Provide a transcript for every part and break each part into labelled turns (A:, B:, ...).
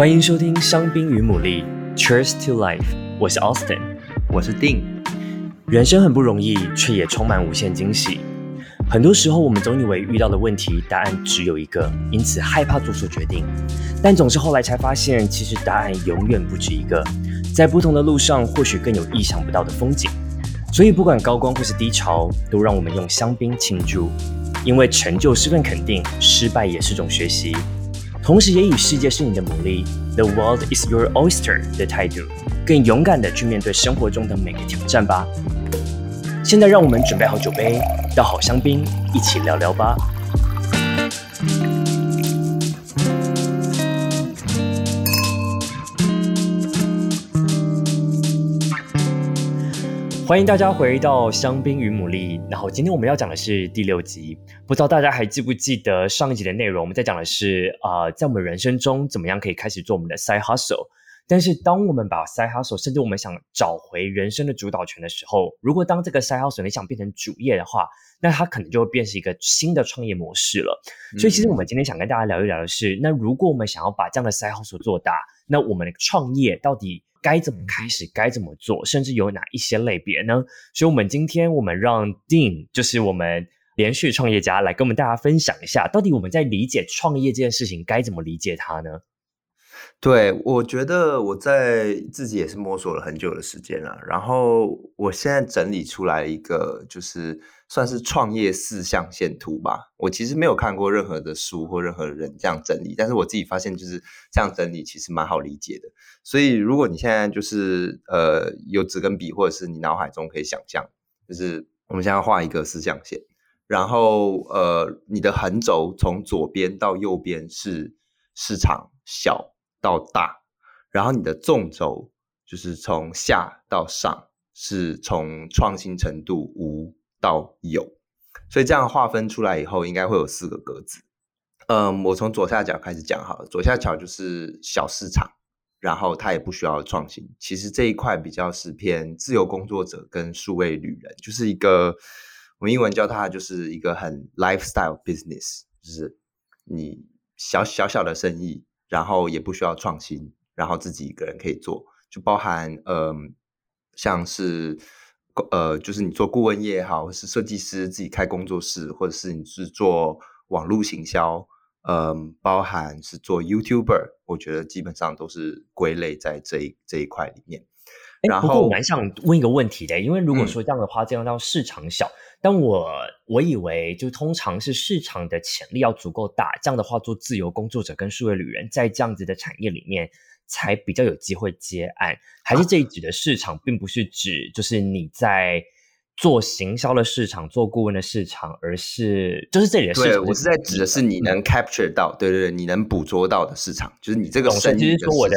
A: 歡迎收聽香檳與牡蠣，Cheers to life！我是 Austin，我是 Dean。人生很不容易，卻也充滿無限驚喜。很多時候，我們總以為遇到的問題答案只有一個，因此害怕做出決定。但總是後來才發現，其實答案永遠不止一個。在不同的路上，或許更有意想不到的風景。所以，不管高光或是低潮，都讓我們用香檳慶祝，因為成就是份肯定，失敗也是種學習。同時也以“世界是你的牡蠣，The world is your oyster” 的態度，更勇敢地去面對生活中的每個挑戰吧。現在，讓我們準備好酒杯，倒好香檳，一起聊聊吧。歡迎大家回到香檳與牡蠣。然後今天我們要講的是第六集，不知道大家還記不記得上一集的內容？我們在講的是啊、呃，在我們人生中怎麼樣可以開始做我們的 side hustle。但是當我們把 side hustle，甚至我們想找回人生的主導權的時候，如果當這個 side hustle 你想變成主業的話，那它可能就會變成一個新的創業模式了。嗯、所以其實我們今天想跟大家聊一聊的是，那如果我們想要把這樣的 side hustle 做大，那我們的創業到底？該怎麼開始？該怎麼做？甚至有哪一些類別呢？所以，我們今天我們讓 Dean，就是我們連續創業家，來跟我們大家分享一下，到底我們在理解創業這件事情，該怎麼理解它呢？
B: 對，我覺得我在自己也是摸索了很久的時間了啊。然後我現在整理出來一個，就是算是創業四象限圖吧。我其實沒有看過任何的書或任何的人這樣整理，但是我自己發現就是這樣整理其實蠻好理解的。所以如果你現在就是呃有紙跟筆，或者是你腦海中可以想象，就是我們現在畫一個四象限，然後呃你的橫軸從左邊到右邊是市場小到大，然後你的縱軸就是從下到上，是從創新程度無到有，所以這樣劃分出來以後，應該會有四個格子。嗯，我從左下角開始講好了，左下角就是小市場，然後它也不需要創新。其實這一塊比較是偏自由工作者跟數位旅人，就是一個，我英文叫它就是一個很 lifestyle business，就是你小小小的生意。然後也不需要創新，然後自己一個人可以做，就包含嗯、呃，像是，呃，就是你做顧問業也好，或者是設計師自己開工作室，或者是你是做網絡行銷，嗯、呃，包含是做 YouTuber，我覺得基本上都是歸類在這一這一塊裡面。哎，不過我蠻
A: 想問一個問題的，因為如果說這樣的話，嗯、這樣到市場小，但我我以為就通常是市場的潛力要足夠大，這樣的話做自由工作者跟數位旅人在這樣子的產業裡面才比較有機會接案，還是這一舉的市場並不是指就是你在。做行銷的市場，做顧問的市場，而是就是這裡的市場對。對、就是、我是在指
B: 的是你能 capture 到、嗯，對對對，你能捕捉到的
A: 市場，就是你這個。懂，就是說我的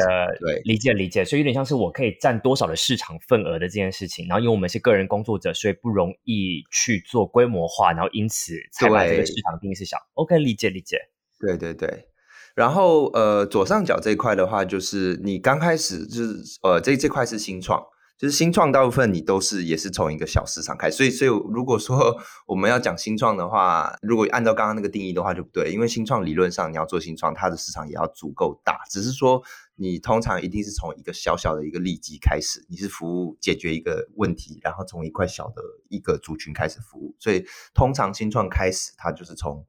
A: 理解理解，所以有點像是我可以佔多少的市場份額的這件事情。然後，因為我們是個人工作者，所以不容易去做規模化，然後因此才把這個市場定義是小。OK，理解理解。對對對，然後
B: 呃，左上角這一塊的話，就是你剛開始就是呃，這這塊是新創。就是新創大部分你都是也是從一個小市場開始，所以所以如果說我們要講新創的話，如果按照剛剛那個定義的話就不對，因為新創理論上你要做新創，它的市場也要足夠大，只是說你通常一定是從一個小小的一個利基開始，你是服務解決一個問題，然後從一塊小的一個族群開始服務，所以通常新創開始它就是從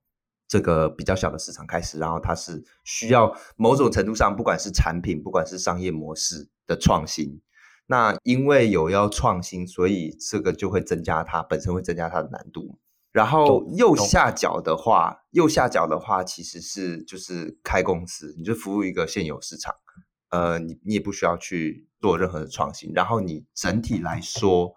B: 這個比較小的市場開始，然後它是需要某種程度上，不管是產品，不管是商業模式的創新。那因為有要創新，所以這個就會增加它本身會增加它的難度。然後右下角的話，右下角的話其實是就是開公司，你就服務一個現有市場，呃，你你也不需要去做任何的創新。然後你整體來說，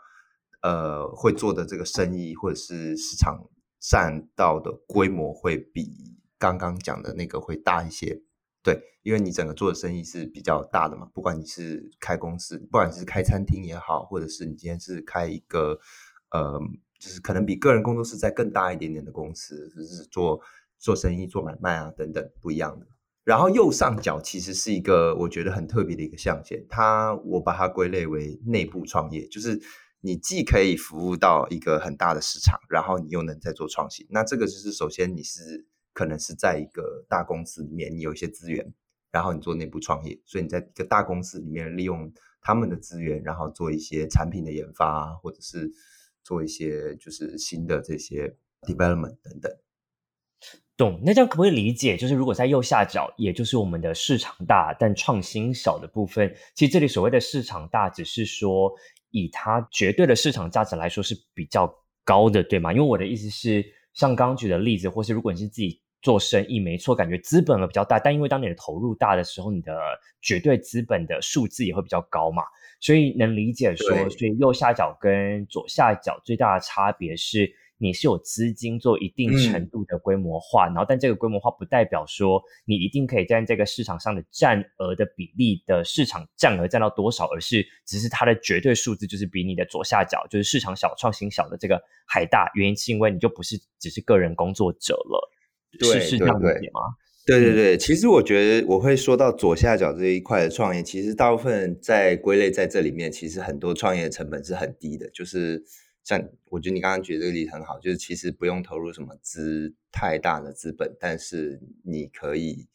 B: 呃，會做的這個生意或者是市場占到的規模會比剛剛講的那個會大一些。對，因為你整個做的生意是比較大的嘛，不管你是開公司，不管是開餐廳也好，或者是你今天是開一個，呃，就是可能比個人工作室再更大一點點的公司，就是做做生意、做買賣啊等等，不一樣的。然後右上角其實是一個我覺得很特別的一個象限，它我把它歸類為內部創業，就是你既可以服務到一個很大的市場，然後你又能再做創新。那這個就是首先你是。可能是在一個大公司裡面，你有一些資源，然後你做內部創業，所以你在一個大公司裡面利用他們的資源，然後做一些產品的研發，或者是做一些就是新的這些
A: development 等等。懂，那這樣可不可以理解？就是如果在右下角，也就是我們的市場大但創新小的部分，其實這裡所謂的市場大，只是說以它絕對的市場價值來說是比較高的，對嗎？因為我的意思是，像剛剛舉的例子，或是如果你是自己。做生意沒錯，感覺資本額比較大，但因為當你的投入大的時候，你的絕對資本的數字也會比較高嘛，所以能理解說，所以右下角跟左下角最大的差別是，你是有資金做一定程度的規模化，嗯，然後但這個規模化不代表說你一定可以在這個市場上的占額的比例的市場占額占到多少，而是只是它的絕對數字就是比你的左下角就是市場小、創新小的這個還大，原因是因為你就不是只是個人工作者了。對是這樣子嗎？對，
B: 對對對，其實我覺得我會說到左下角這一塊的創業，其實大部分在歸類在這裡面，其實很多創業成本是很低的。就是像我覺得你剛剛舉這個例子很好，就是其實不用投入什麼資太大的資本，但是你可以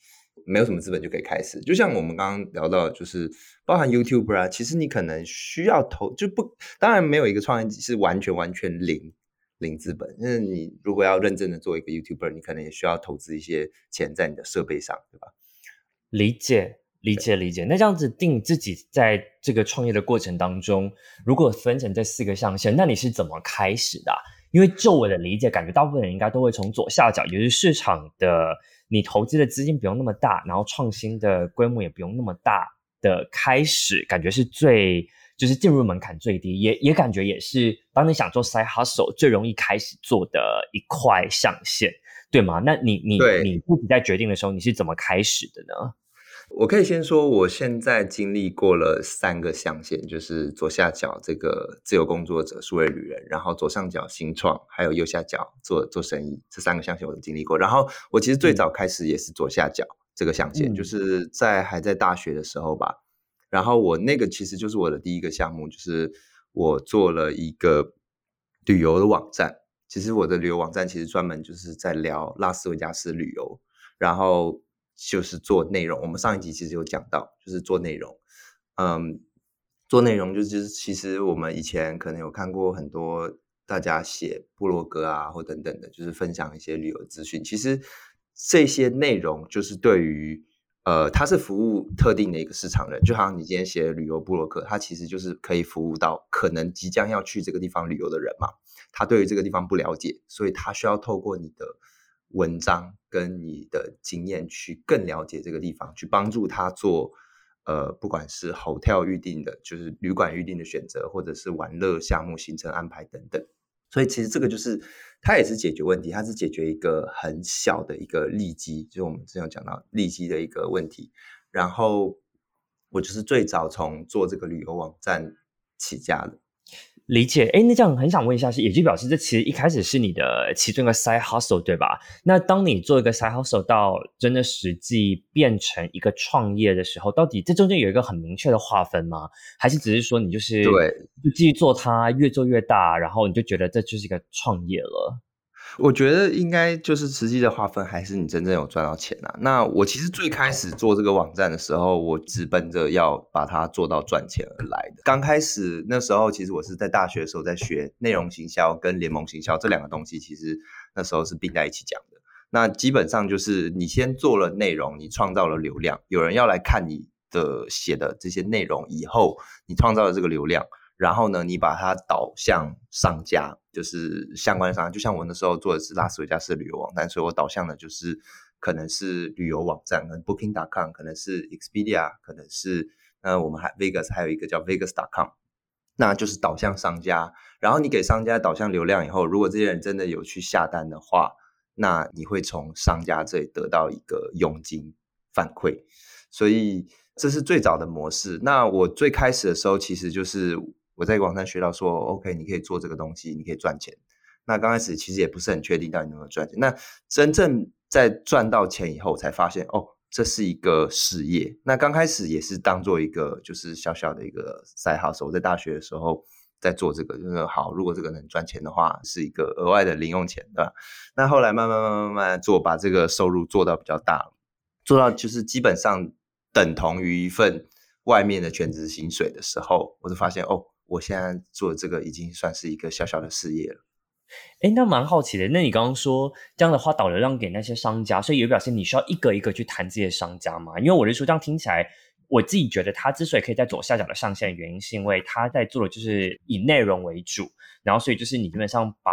B: 沒有什麼資本就可以開始。就像我們剛剛聊到，就是包含 YouTube 啊，其實你可能需要投就不，當然沒有一個創業是完全完全零。零資本，因為，你如果要認真的做一個 YouTuber，你可能也需要投資一些錢在你的設備上，對吧？
A: 理解，理解，理解。那這樣子定你自己在這個創業的過程當中，如果分成這四個象限，那你是怎麼開始的啊？因為就我的理解，感覺大部分人應該都會從左下角，也就是市場的，你投資的資金不用那麼大，然後創新的規模也不用那麼大的開始，感覺是最。就是進入門檻最低，也也感覺也是當你想做 side hustle 最容易開始做的一塊象限，對嗎？那你你你自己在決定的時候，你是怎麼開始的呢？
B: 我可以先說，我現在經歷過了三個象限，就是左下角這個自由工作者、數位旅人，然後左上角新創，還有右下角做做生意，這三個象限我都經歷過。然後我其實最早開始也是左下角這個象限，嗯、就是在還在大學的時候吧。嗯然後我那個其實就是我的第一個項目，就是我做了一個旅遊的網站。其實我的旅遊網站其實專門就是在聊拉斯維加斯旅遊，然後就是做內容。我們上一集其實有講到，就是做內容，嗯，做內容就是其實我們以前可能有看過很多大家寫部落格啊或等等的，就是分享一些旅遊資訊。其實這些內容就是對於。呃，他是服務特定的一個市場人，就好像你今天寫的旅遊部落客，他其實就是可以服務到可能即將要去這個地方旅遊的人嘛。他對於這個地方不了解，所以他需要透過你的文章跟你的經驗去更了解這個地方，去幫助他做，呃，不管是 hotel 預定的，就是旅館預定的選擇，或者是玩樂項目、行程安排等等。所以其實這個就是，它也是解決問題，它是解決一個很小的一個利基，就是我們之前講到利基的一個問題。然後我就是最早從做這個旅遊網站起
A: 家的。理解，哎，那這樣很想問一下是，是也就表示這其實一開始是你的其中一個 side hustle 對吧？那當你做一個 side hustle 到真的實際變成一個創業的時候，到底這中間有一個很明確的劃分嗎？還是只是說你就是對，就繼續做它，越做越大，然後你就覺得這就是一個創業了？我
B: 覺得應該就是實際的劃分，還是你真正有賺到錢啊。那我其實最開始做這個網站的時候，我直奔着要把它做到賺錢而來的。剛開始那時候，其實我是在大學的時候在學內容行銷跟聯盟行銷這兩個東西，其實那時候是並在一起講的。那基本上就是你先做了內容，你創造了流量，有人要來看你的寫的這些內容以後，你創造了這個流量，然後呢，你把它導向商家。就是相關商家，就像我那時候做的是拉斯維加斯旅遊網站，但所以我導向的就是可能是旅遊網站，跟 Booking.com，可能是 Expedia，可能是呃我們還 Vegas，還有一個叫 Vegas.com，那就是導向商家。然後你給商家導向流量以後，如果這些人真的有去下單的話，那你會從商家這裡得到一個佣金反饋。所以這是最早的模式。那我最開始的時候，其實就是。我在網上學到說，OK，你可以做這個東西，你可以賺錢。那剛開始其實也不是很確定到底能不能賺錢。那真正在賺到錢以後，我才發現哦，這是一個事業。那剛開始也是當做一個就是小小的一個 side hustle，我時候在大學的時候在做這個，就是好，如果這個能賺錢的話，是一個額外的零用錢，對吧？那後來慢慢慢慢慢慢做，把這個收入做到比較大，做到就是基本上等同於一份外面的全職薪水的時候，我就發現哦。
A: 我現在做的這個已經算是一個小小的事業了，哎，那蠻好奇的。那你剛剛說這樣的話，導流量給那些商家，所以有表現你需要一個一個去談這些商家嗎？因為我是說這樣聽起來，我自己覺得他之所以可以在左下角的象限，原因是因為他在做的就是以內容為主，然後所以就是你基本上把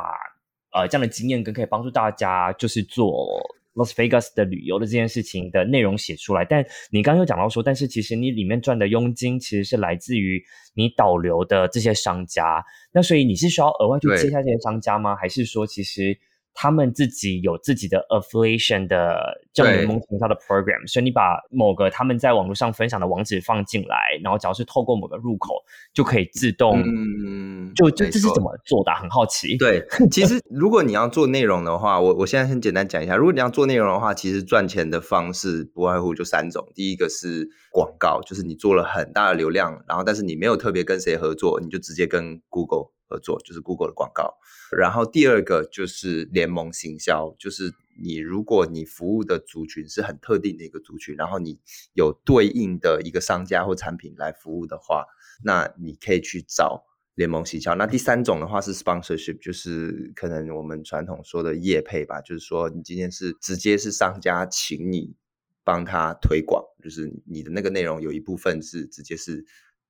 A: 呃這樣的經驗跟可以幫助大家就是做。Las Vegas 的旅遊的這件事情的內容寫出來，但你剛剛又講到說，但是其實你裡面賺的佣金其實是來自於你導流的這些商家，那所以你是需要額外去接下這些商家嗎？還是說其實？他們自己有自己的 affiliation 的叫聯盟行銷的 program，所以你把某個他們在網絡上分享的網址放進來，然後只要是透過某個入口就可以自動，嗯、就就這是怎麼做的？很好奇。對， 其實如果你要做內容的
B: 話，我我現在很簡單講一下：如果你要做內容的話，其實賺錢的方式不外乎就三種。第一個是廣告，就是你做了很大的流量，然後但是你沒有特別跟誰合作，你就直接跟 Google。合作就是 Google 的廣告，然後第二個就是聯盟行銷，就是你如果你服務的族群是很特定的一個族群，然後你有對應的一個商家或產品來服務的話，那你可以去找聯盟行銷。那第三種的話是 sponsorship，就是可能我們傳統說的業配吧，就是說你今天是直接是商家請你幫他推廣，就是你的那個內容有一部分是直接是。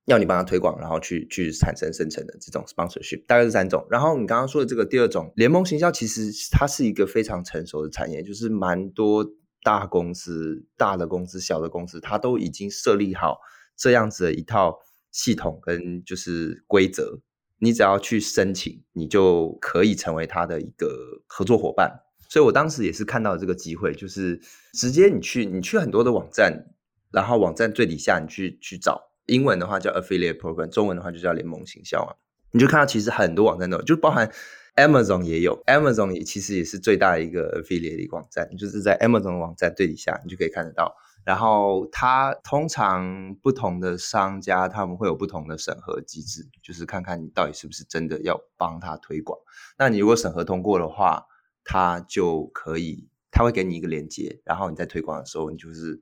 B: 要你幫他推廣，然後去去產生生成的這種 sponsorship 大概是三種。然後你剛剛說的這個第二種聯盟行銷，其實它是一個非常成熟的產業，就是蠻多大公司、大的公司、小的公司，它都已經設立好這樣子的一套系統跟就是規則。你只要去申請，你就可以成為他的一個合作夥伴。所以我當時也是看到這個機會，就是直接你去你去很多的網站，然後網站最底下你去去找。英文的話叫 affiliate program，中文的話就叫聯盟行銷啊。你就看到其實很多網站都有，就包含 Amazon 也有，Amazon 也其實也是最大的一個 affiliate 的一個網站，就是在 Amazon 網站最底下，你就可以看得到。然後它通常不同的商家，他們會有不同的審核機制，就是看看你到底是不是真的要幫它推廣。那你如果審核通過的話，它就可以，它會給你一個連接，然後你在推廣的時候，你就是。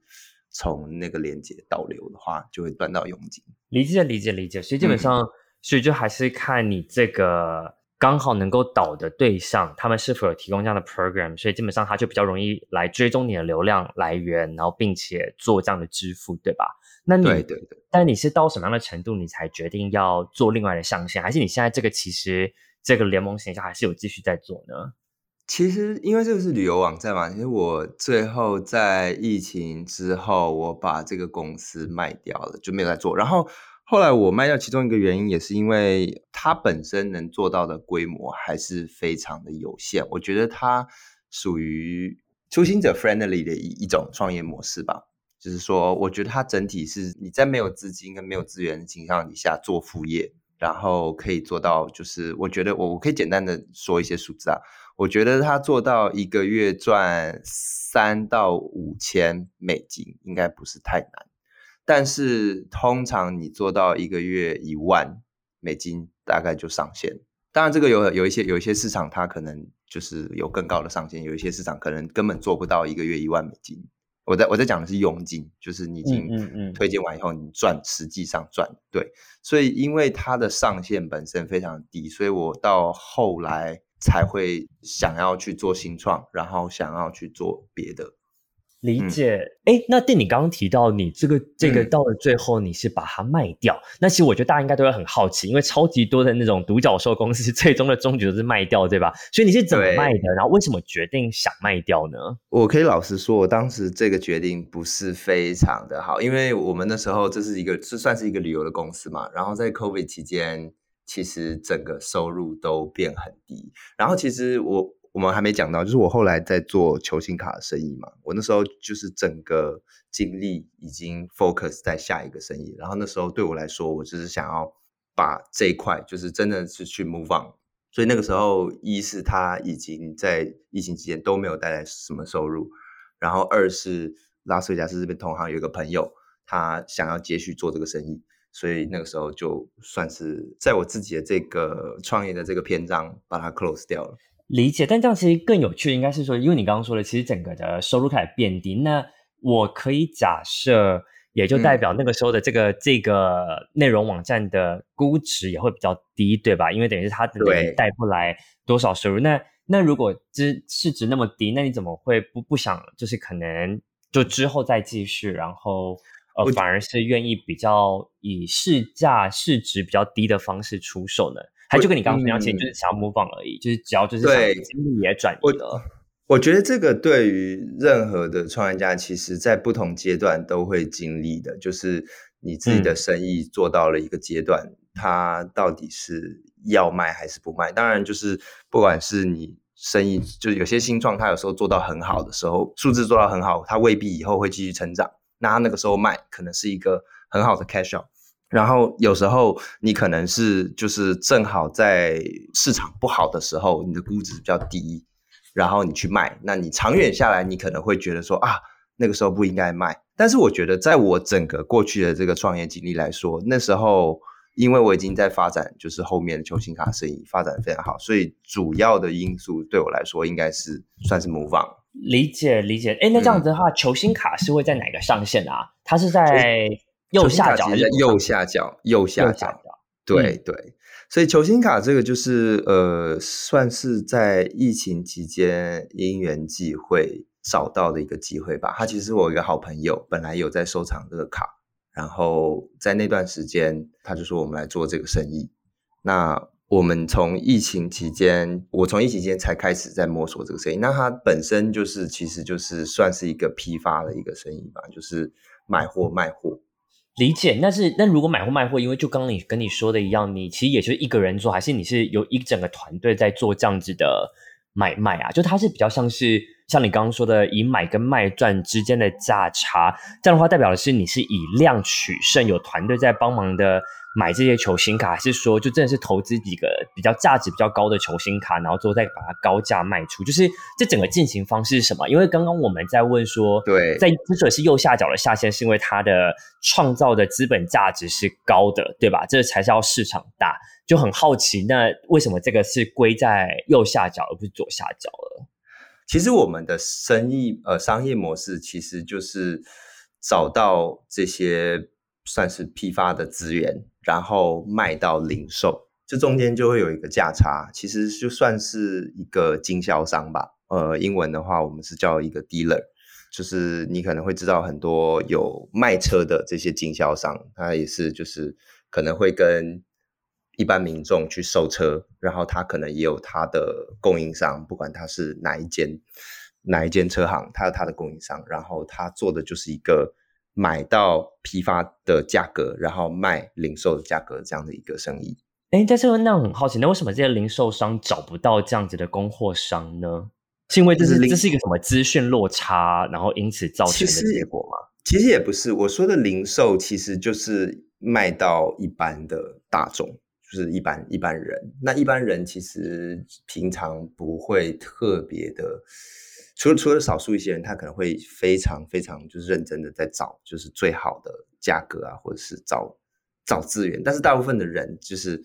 B: 從
A: 那個鏈接導流的話，就會斷到佣金。理解，理解，理解。所以基本上、嗯，所以就還是看你這個剛好能夠導的對象，他們是否有提供這樣的 program。所以基本上，它就比較容易來追蹤你的流量來源，然後並且做這樣的支付，對吧？
B: 那你，對對
A: 對。但你是到什麼樣的程度，你才決定要做另外的象限？還是你現在這個其實這個聯盟行銷還是有繼續在做呢？其實，
B: 因為這個是旅遊網站嘛，其實我最後在疫情之後，我把這個公司賣掉了，就沒有再做。然後後來我賣掉，其中一個原因也是因為它本身能做到的規模還是非常的有限。我覺得它屬於初心者 friendly 的一一種創業模式吧，就是說，我覺得它整體是你在沒有資金跟沒有資源的情況底下做副業，然後可以做到，就是我覺得我我可以簡單的說一些數字啊。我覺得他做到一個月賺三到五千美金應該不是太難，但是通常你做到一個月一萬美金大概就上限。當然，這個有有一些有一些市場它可能就是有更高的上限，有一些市場可能根本做不到一個月一萬美金。我在我在講的是佣金，就是你已經推薦完以後你賺，嗯嗯嗯實際上賺對，所以因為它的上限本身非常低，所以我到後來。才會想要去做新創，然後想要去做別的。
A: 理解，哎、嗯，那對你剛剛提到你這個這個到了最後你是把它賣掉，嗯，那其實我覺得大家應該都會很好奇，因為超級多的那種獨角獸公司最終的終局都是賣掉，對吧？所以你是怎麼賣的？然後為什麼決定想賣掉呢？
B: 我可以老實說，我當時這個決定不是非常的好，因為我們那時候，這是一個這算是一個旅遊的公司嘛，然後在 COVID 期間。其實整個收入都變很低，然後其實我我們還沒講到，就是我後來在做球星卡的生意嘛，我那時候就是整個精力已經 focus 在下一個生意，然後那時候對我來說，我就是想要把這一塊就是真的是去 move on，所以那個時候一是他已經在疫情期間都沒有帶來什麼收入，然後二是拉斯維加斯這邊同行有一個朋友，他想要繼續做這個生意。所以那個時候就算是在我自己的這個創業的這個篇章，把它 close 掉了。
A: 理解，但這樣其實更有趣，應該是說，因為你剛剛說了，其實整個的收入開始變低，那我可以假設，也就代表那個時候的這個、嗯、這個內容網站的估值也會比較低，對吧？因為等於是他帶不來多少收入。那那如果是市值那麼低，那你怎麼會不不想，就是可能就之後再繼續，然後。呃、反而是願意比較以市價、市值比較低的方式出售呢？還就跟你剛剛分享，其實你、嗯、就是想要模仿而已，就是只要就是對精力也轉移了我。
B: 我覺得這個對於任何的創業家，其實在不同階段都會經歷的，就是你自己的生意做到了一個階段，它、嗯、到底是要賣還是不賣？當然，就是不管是你生意，就是有些新創，它有時候做到很好的時候，數字做到很好，它未必以後會繼續成長。那他那個時候賣可能是一個很好的 cash out，然後有時候你可能是就是正好在市場不好的時候，你的估值比較低，然後你去賣，那你長遠下來你可能會覺得說，啊那個時候不應該賣。但是我覺得在我整個過去的這個創業經歷來說，那時候因為我已經在發展就是後面的球星卡生意發展非常好，所以主要的因素對我來說應該是
A: 算是 move on。理解理解，誒、欸、那這樣子的話，球星卡是會在哪個象限啊？它是，在右，是在
B: 右下角，右下角，右下角。對對，所以球星卡這個就是呃，算是在疫情期間因緣際會找到的一個機會吧。他其實我有一個好朋友，本來有在收藏這個卡，然後在那段時間他就說我們來做這個生意，那。我們從疫情期間，我從疫情期間才開始在摸索這個生意。那它本身就是，其實就是算是一個批發的一個生意吧，就是買
A: 貨賣貨。理解。但是，那如果買貨賣貨，因為就剛剛你跟你說的一樣，你其實也就是一個人做，還是你是有一整個團隊在做這樣子的買賣啊？就它是比較像是像你剛剛說的，以買跟賣賺之間的價差，這樣的話代表的是你是以量取勝，有團隊在幫忙的。買這些球星卡，還是說就真的是投資幾個比較價值比較高的球星卡，然後之後再把它高價賣出？就是這整個進行方式是什麼？因為剛剛我們在問說，對，在之所以是右下角的下限，是因為它的創造的資本價值是高的，對吧？這個才是要市場大，就很好奇，那為什麼這個是歸在右下角而不是左下角了？
B: 其實我們的生意，呃，商業模式其實就是找到這些算是批發的資源。然後賣到零售，這中間就會有一個價差。其實就算是一個經銷商吧，呃，英文的話我們是叫一個 dealer，就是你可能會知道很多有賣車的這些經銷商，他也是就是可能會跟一般民眾去售車，然後他可能也有他的供應商，不管他是哪一間，哪一間車行，他有他的供應商，然後他做的就是一個。買到批發的價格，然後賣零售的價格，這樣的一個生意。
A: 哎、欸，但是那很好奇，那為什麼這些零售商找不到這樣子的供貨商呢？是因為這是、嗯、這是一個什麼資訊落差，然後因此造成的結果嗎？
B: 其實也不是，我說的零售其實就是賣到一般的大眾，就是一般一般人。那一般人其實平常不會特別的。除了除了少數一些人，他可能會非常非常就是認真的在找就是最好的價格啊，或者是找找資源。但是大部分的人，就是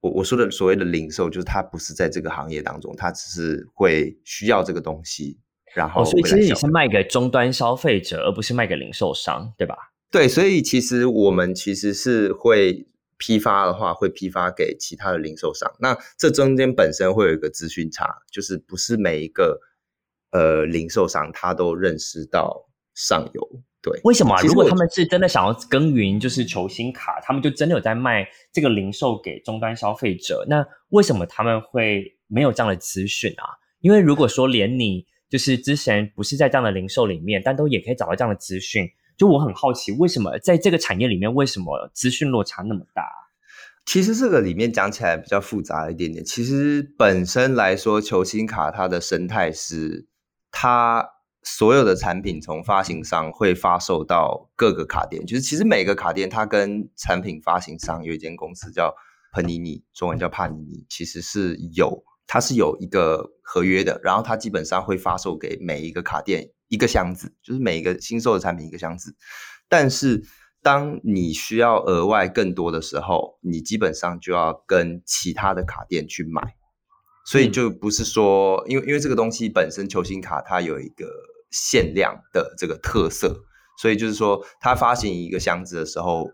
B: 我我說的所謂的零售，就是他不是在這個行業當中，他只是會需要這個東西，然後、哦、所以其實你是
A: 賣給終端消費者，而不是賣給零售商，對吧？
B: 對，所以其實我們其實是會批發的話，會批發給其他的零售商。那這中間本身會有一個資訊差，就是不是每一個。呃，零售商他都認識到上游，對，為什麼啊？如果他
A: 們是真的想要耕耘，就是球星卡、嗯，他們就真的有在賣這個零售給終端消費者。那為什麼他們會沒有這樣的資訊啊？因為如果說連你就是之前不是在這樣的零售裡面，但都也可以找到這樣的資訊，就我很好奇，為什麼在這個產業裡面，為什麼資訊落差那麼大？其實這個裡
B: 面講起來比較複雜一點點。其實本身來說，球星卡它的生態是它所有的產品從發行商會發售到各個卡店，就是其實每個卡店它跟產品發行商，有一間公司叫帕尼尼，中文叫帕尼尼，其實是有，它是有一個合約的，然後它基本上會發售給每一個卡店一個箱子，就是每一個新售的產品一個箱子，但是當你需要額外更多的時候，你基本上就要跟其他的卡店去買。所以就不是說，因為因為這個東西本身球星卡它有一個限量的這個特色，所以就是說，它發行一個箱子的時候，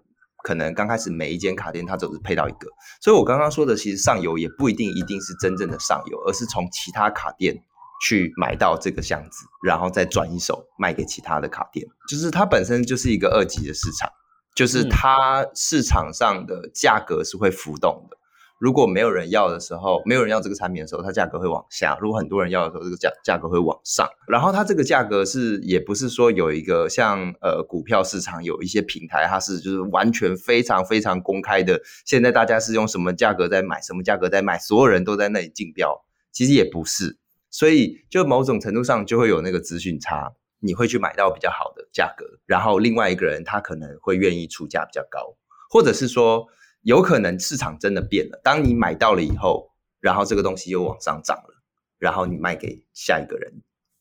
B: 可能剛開始每一間卡店它總是配到一個。所以我剛剛說的，其實上游也不一定一定是真正的上游，而是從其他卡店去買到這個箱子，然後再轉一手賣給其他的卡店，就是它本身就是一個二級的市場，就是它市場上的價格是會浮動的。如果沒有人要的時候，沒有人要這個產品的時候，它價格會往下；如果很多人要的時候，這個價價格會往上。然後它這個價格是也不是說有一個像呃股票市場有一些平台，它是就是完全非常非常公開的。現在大家是用什麼價格在買，什麼價格在賣，所有人都在那裡競標，其實也不是。所以就某種程度上就會有那個資訊差，你會去買到比較好的價格。然後另外一個人他可能會願意出價比較高，或者是說。有可能市場真的變了。當你買到了以後，然後這個東西又往上漲了，然後你賣給下一
A: 個人。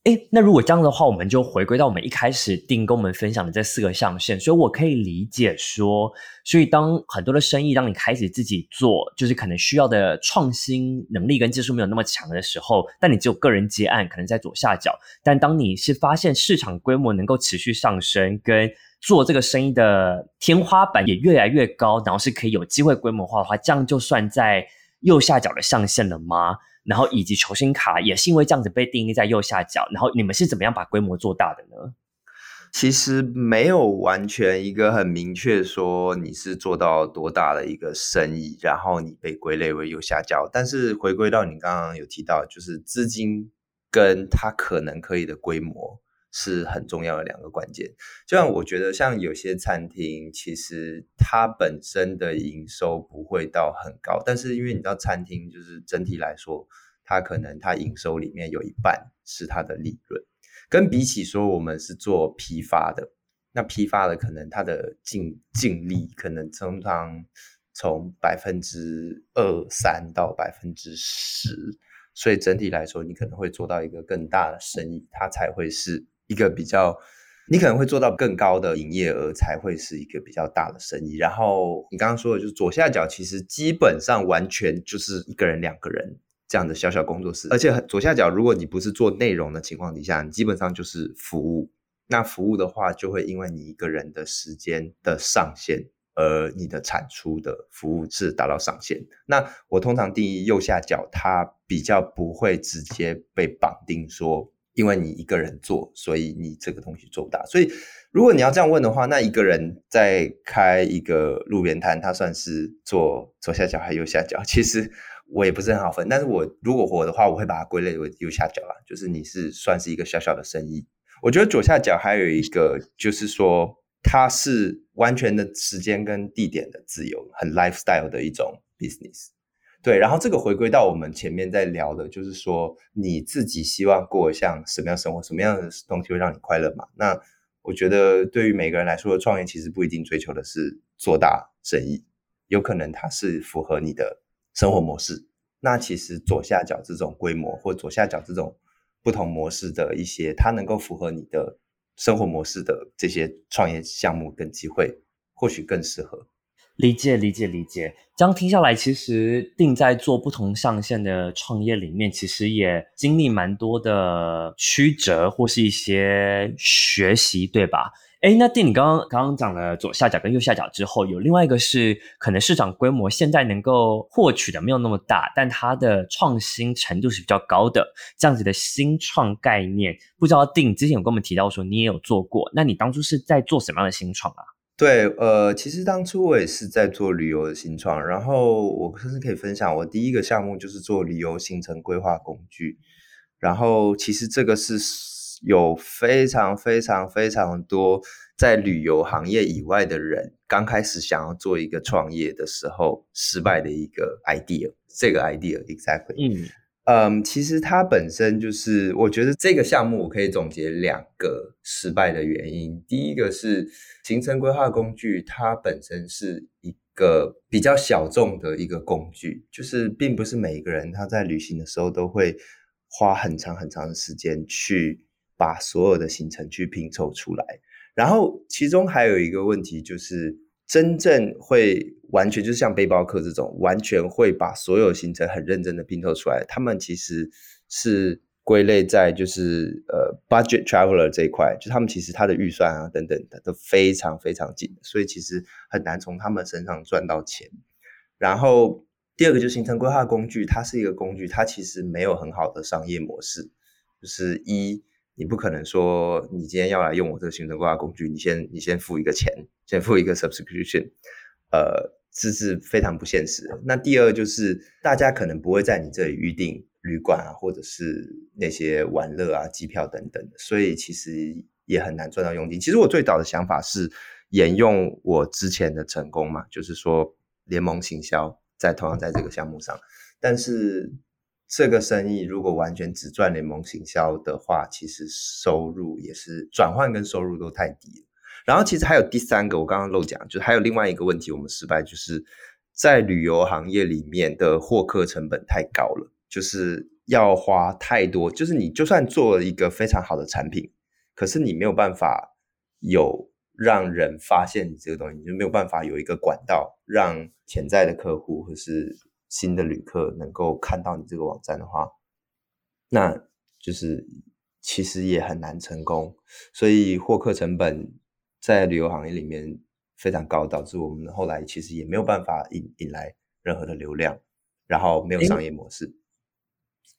A: 哎，那如果這樣的話，我們就回歸到我們一開始 Dean 跟我們分享的這四個象限。所以我可以理解說，所以當很多的生意當你開始自己做，就是可能需要的創新能力跟技術沒有那麼強的時候，但你只有個人接案，可能在左下角。但當你是發現市場規模能夠持續上升，跟做這個生意的天花板也越來越高，然後是可以有機會規模化的話，這樣就算在右下角的上限了嗎？然後以及球星卡也是因為這樣子被定義在右下角，然後你們是怎麼樣把規模做大的呢？其實沒有完
B: 全一個很明確說你是做到多大的一個生意，然後你被歸類為右下角。但是回歸到你剛剛有提到，就是資金跟它可能可以的規模。是很重要的兩個關鍵，就像我覺得，像有些餐廳，其實它本身的營收不會到很高，但是因為你到餐廳，就是整體來說，它可能它營收裡面有一半是它的利潤，跟比起說我們是做批發的，那批發的可能它的淨淨利可能通常從百分之二三到百分之十，所以整體來說，你可能會做到一個更大的生意，它才會是。一個比較，你可能會做到更高的營業額才會是一個比較大的生意。然後你剛剛說的，就是左下角其實基本上完全就是一個人、兩個人這樣的小小工作室，而且左下角如果你不是做內容的情況底下，你基本上就是服務。那服務的話，就會因為你一個人的時間的上限，而你的產出的服務是達到上限。那我通常定義右下角，它比較不會直接被綁定說。因為你一個人做，所以你這個東西做不大。所以如果你要這樣問的話，那一個人在開一個路邊攤，他算是做左下角還右下角？其實我也不是很好分。但是我如果活的話，我會把它歸類為右下角啊，就是你是算是一個小小的生意。我覺得左下角還有一個，就是說它是完全的時間跟地點的自由，很 lifestyle 的一種 business。對，然後這個回歸到我們前面在聊的，就是說你自己希望過像什麼樣的生活，什麼樣的東西會讓你快樂嘛？那我覺得對於每個人來說，創業其實不一定追求的是做大生意，有可能它是符合你的生活模式。那其實左下角這種規模，或左下角這種不同模式的一些，它能夠符合你的生活模式的這些創業項目跟機會，
A: 或許更適合。理解，理解，理解。這樣聽下來，其實定在做不同象限的創業裡面，其實也經歷蠻多的曲折或是一些學習，對吧？哎，那定，你剛剛剛剛講了左下角跟右下角之後，有另外一個是可能市場規模現在能夠獲取的沒有那麼大，但它的創新程度是比較高的，這樣子的新創概念，不知道定之前有跟我們提到說你也有做過，那你當初是在做什麼樣的新創啊？
B: 對，呃，其實當初我也是在做旅遊的新創，然後我甚至可以分享，我第一個項目就是做旅遊行程規劃工具，然後其實這個是有非常非常非常多在旅遊行業以外的人剛開始想要做一個創業的時候失敗的一個 idea，這個 idea exactly。嗯嗯，um，其實它本身就是，我覺得這個項目我可以總結兩個失敗的原因。第一個是行程規劃工具，它本身是一個比較小眾的一個工具，就是並不是每一個人他在旅行的時候都會花很長很長的時間去把所有的行程去拼湊出來。然後其中還有一個問題就是。真正會完全就是像背包客這種，完全會把所有行程很認真的拼湊出來。他們其實是歸類在就是呃 budget traveler 這一塊，就是、他們其實他的預算啊等等的都非常非常緊，所以其實很難從他們身上賺到錢。然後第二個就是行程規劃工具，它是一個工具，它其實沒有很好的商業模式，就是一。你不可能說你今天要來用我這個行程規劃工具，你先你先付一個錢，先付一個 subscription，呃，這是非常不現實的。那第二就是大家可能不會在你這裡預訂旅館啊，或者是那些玩樂啊、機票等等，所以其實也很難賺到佣金。其實我最早的想法是沿用我之前的成功嘛，就是說聯盟行銷在同樣在這個項目上，但是。這個生意如果完全只賺聯盟行銷的話，其實收入也是轉換跟收入都太低了。然後其實還有第三個，我剛剛漏講，就是還有另外一個問題，我們失敗就是在旅遊行業裡面的獲客成本太高了，就是要花太多。就是你就算做了一個非常好的產品，可是你沒有辦法有讓人發現你這個東西，你就沒有辦法有一個管道讓潛在的客戶或是。新的旅客能夠看到你這個網站的話，那就是其實也很難成功，所以獲客成本在旅遊行業裡面非常高，導致我們後來其實也沒有辦法引引來任何的流量，
A: 然後沒有商業
B: 模式。
A: 哎，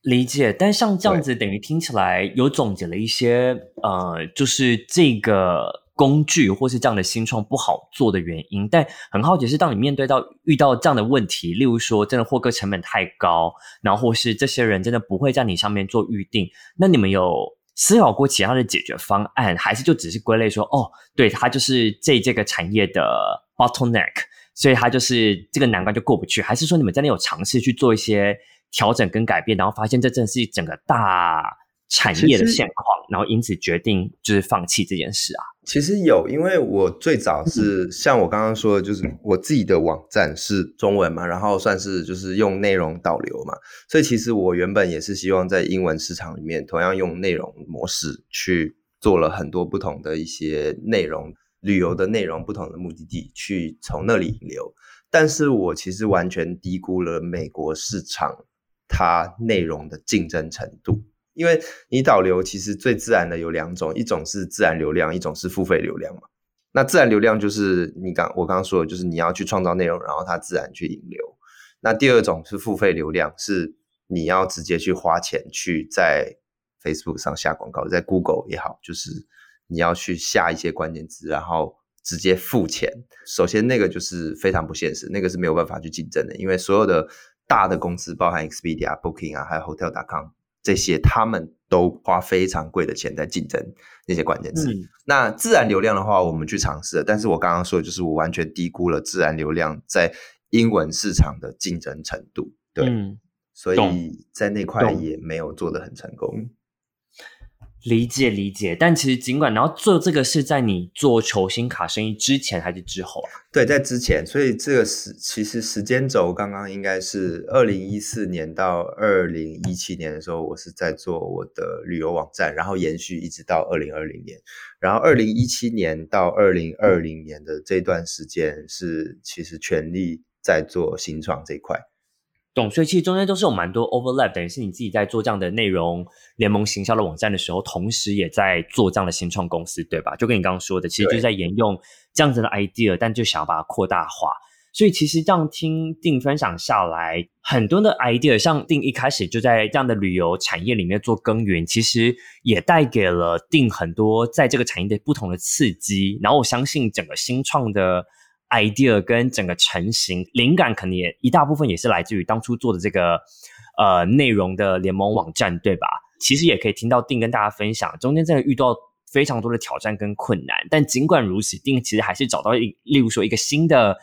A: 理解，但像這樣子，等於聽起來有總結了一些，呃，就是這個。工具或是這樣的新創不好做的原因，但很好奇是，當你面對到遇到這樣的問題，例如說真的獲客成本太高，然後或是這些人真的不會在你上面做預定，那你們有思考過其他的解決方案，還是就只是歸類說哦，對，他就是這這個產業的 bottleneck，所以他就是這個難關就過不去，還是說你們真的有嘗試去做一些調整跟改變，然後發現這真是一整個大產業的現況，是是，然後因此決定就是放棄這件事啊？
B: 其實有，因為我最早是像我剛剛說的，就是我自己的網站是中文嘛，然後算是就是用內容導流嘛，所以其實我原本也是希望在英文市場裡面同樣用內容模式去做了很多不同的一些內容，旅遊的內容，不同的目的地去從那裡引流，但是我其實完全低估了美國市場它內容的競爭程度。因為你導流其實最自然的有兩種，一種是自然流量，一種是付費流量嘛。那自然流量就是你剛我剛剛說的，就是你要去創造內容，然後它自然去引流。那第二種是付費流量，是你要直接去花錢去在 Facebook 上下廣告，在 Google 也好，就是你要去下一些關鍵詞，然後直接付錢。首先那個就是非常不現實，那個是沒有辦法去競爭的，因為所有的大的公司，包含 Expedia、Booking 啊，還有 Hotel.com。這些他們都花非常貴的錢在競爭那些關鍵詞。嗯，那自然流量的話，我們去嘗試了，但是我剛剛說的就是我完全低估了自然流量在英文市場的競爭程
A: 度。對。嗯，所以在那塊也沒有做得很成功。嗯理解理解，但其實盡管，然後做這個是在你做球星卡生意之前還是之後啊？
B: 對，在之前，所以這個時其實時間軸剛剛應該是二零一四年到二零一七年的時候，我是在做我的旅遊網站，然後延續一直到二零二零年，然後二零一七年到二零二零年的這段時間是其實全力在做新創這一塊。
A: 所以其實中間都是有蠻多 overlap，等於是你自己在做這樣的內容聯盟行銷的網站的時候，同時也在做這樣的新創公司，對吧？就跟你剛剛說的，其實就在沿用這樣子的 idea，但就想要把它擴大化。所以其實這樣聽 Dean 分享下來，很多的 idea，像 Dean 一開始就在這樣的旅遊產業裡面做耕耘，其實也帶給了 Dean 很多在這個產業的不同的刺激。然後我相信整個新創的。idea 跟整個成型靈感可能也，肯定一大部分也是來自於當初做的這個呃內容的聯盟網站，對吧？其實也可以聽到 Dean 跟大家分享，中間真的遇到非常多的挑戰跟困難，但儘管如此，Dean 其實還是找到一，例如說一個新的。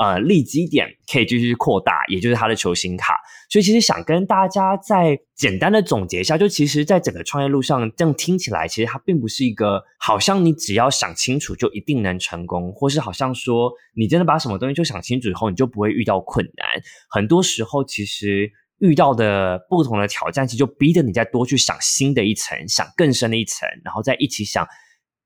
A: 呃，利基點可以繼續擴大，也就是它的球星卡。所以其實想跟大家再簡單的總結一下，就其實，在整個創業路上，這樣聽起來，其實它並不是一個好像你只要想清楚就一定能成功，或是好像說你真的把什麼東西就想清楚以後，你就不會遇到困難。很多時候，其實遇到的不同的挑戰，其實就逼得你再多去想新的一層，想更深的一層，然後再一起想。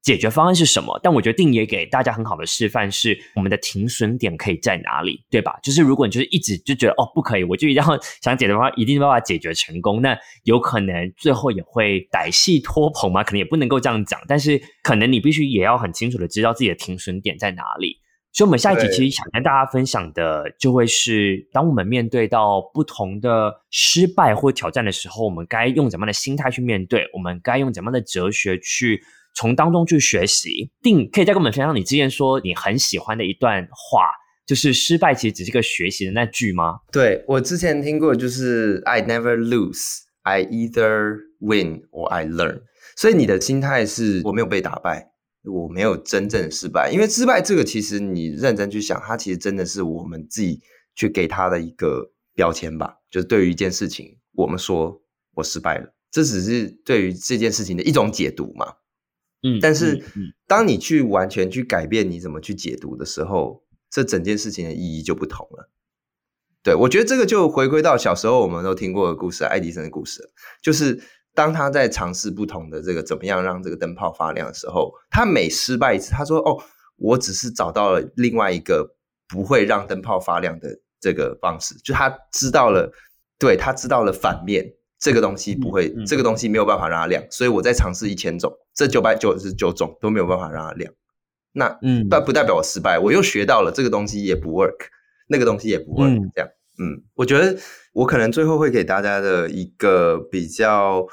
A: 解決方案是什麼？但我覺得 Dean 也給大家很好的示範是，我們的停損點可以在哪裡，對吧？就是如果你就是一直就覺得哦，不可以，我就一定要想解決的話，一定沒辦法解決成功，那有可能最後也會歹戲拖棚嘛，可能也不能夠這樣講。但是可能你必須也要很清楚的知道自己的停損點在哪裡。所以，我們下一集其實想跟大家分享的，就會是當我們面對到不同的失敗或挑戰的時候，我們該用怎麼樣的心態去面對，我們該用怎麼樣的哲學去。從當中去學習，定可以再跟我們分享你之前說你很喜歡的一段話，就是失敗其實只是個學習的那句嗎？對，我之
B: 前聽過，就是 I never lose, I either win or I learn。所以你的心態是，我沒有被打敗，我沒有真正的失敗，因為失敗這個其實你認真去想，它其實真的是我們自己去給它的一個標籤吧，就是對於一件事情，我們說我失敗了，這只是對於這件事情的一種解讀嘛。嗯，但是當你去完全去改變你怎麼去解讀的時候，嗯嗯，這整件事情的意義就不同了。對，我覺得這個就回歸到小時候我們都聽過的故事——愛迪生的故事。就是當他在嘗試不同的這個怎麼樣讓這個燈泡發亮的時候，他每失敗一次，他說：“哦，我只是找到了另外一個不會讓燈泡發亮的這個方式。”就他知道了，對，他知道了反面。這個東西不會、嗯嗯，這個東西沒有辦法讓它亮，所以我在嘗試一千種，這九百九十九種都沒有辦法讓它亮。那嗯，但不代表我失敗，我又學到了這個東西也不 work，那個東西也不 work，、嗯、這樣嗯，我覺得我可能最後會給大家的一個比較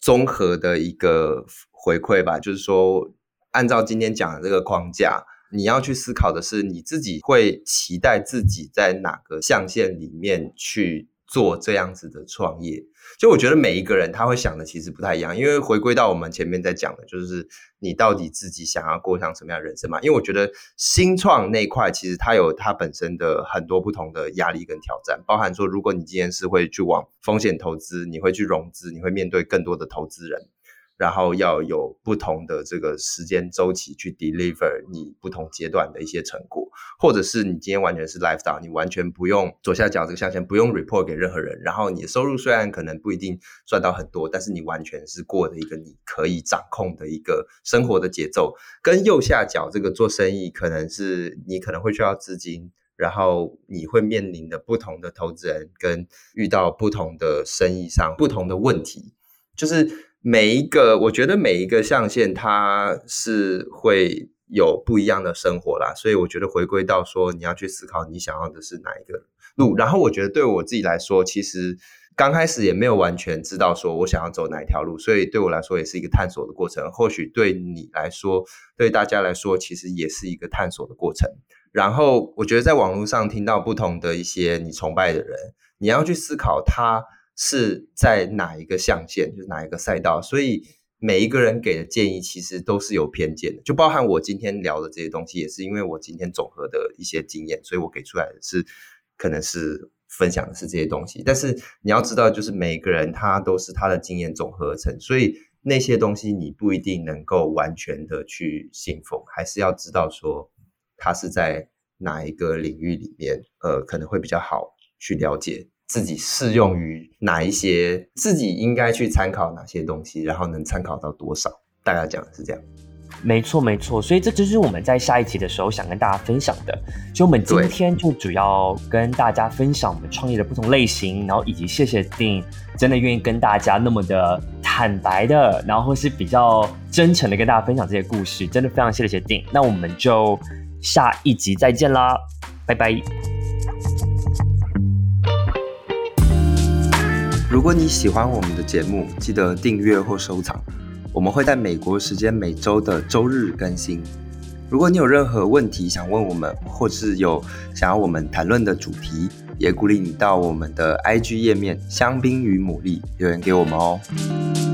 B: 綜合的一個回饋吧，就是說按照今天講的這個框架，你要去思考的是你自己會期待自己在哪個象限裡面去。做這樣子的創業，就我覺得每一個人他會想的，其實不太一樣，因為回歸到我們前面在講的，就是你到底自己想要過上什麼樣的人生嘛。因為我覺得新創那塊其實它有它本身的很多不同的壓力跟挑戰，包含說，如果你今天是會去往風險投資，你會去融資，你會面對更多的投資人。然後要有不同的這個時間週期去 deliver 你不同階段的一些成果，或者是你今天完全是 lifestyle，你完全不用左下角這個象限，不用 report 給任何人。然後你的收入雖然可能不一定賺到很多，但是你完全是過的一個你可以掌控的一個生活的節奏。跟右下角這個做生意，可能是你可能會需要資金，然後你會面臨的不同的投資人，跟遇到不同的生意上不同的問題，就是。每一個，我覺得每一個象限，它是會有不一樣的生活啦，所以我覺得回歸到說，你要去思考你想要的是哪一個路。然後我覺得對我自己來說，其實剛開始也沒有完全知道說我想要走哪一條路，所以對我來說也是一個探索的過程。或許對你來說，對大家來說，其實也是一個探索的過程。然後我覺得在網絡上聽到不同的一些你崇拜的人，你要去思考他。是在哪一個象限，就是哪一個賽道，所以每一個人給的建議其實都是有偏見的，就包含我今天聊的這些東西，也是因為我今天總和的一些經驗，所以我給出來的是可能是分享的是這些東西，但是你要知道，就是每個人他都是他的經驗總和而成，所以那些東西你不一定能夠完全的去信奉，還是要知道說他是在哪一個領域裡面，呃，可能會比較好去了解。自己適用於哪一些，自己應該去參考哪些東西，然後能參考
A: 到多少？大家講的是這樣，沒錯沒錯。所以這就是我們在下一集的時候想跟大家分享的。所以，我們今天就主要跟大家分享我們創業的不同類型，然後以及謝謝 Dean，真的願意跟大家那麼的坦白的，然後是比較真誠的跟大家分享這些故事，真的非常謝謝 Dean。那我們就下一集再見啦，拜拜。
B: 如果你喜歡我們的節目，記得訂閱或收藏。我們會在美國時間每周的周日更新。如果你有任何問題想問我們，或是有想要我們談論的主題，也鼓勵你到我們的 IG 頁面“香檳與牡蠣”留言給我們哦。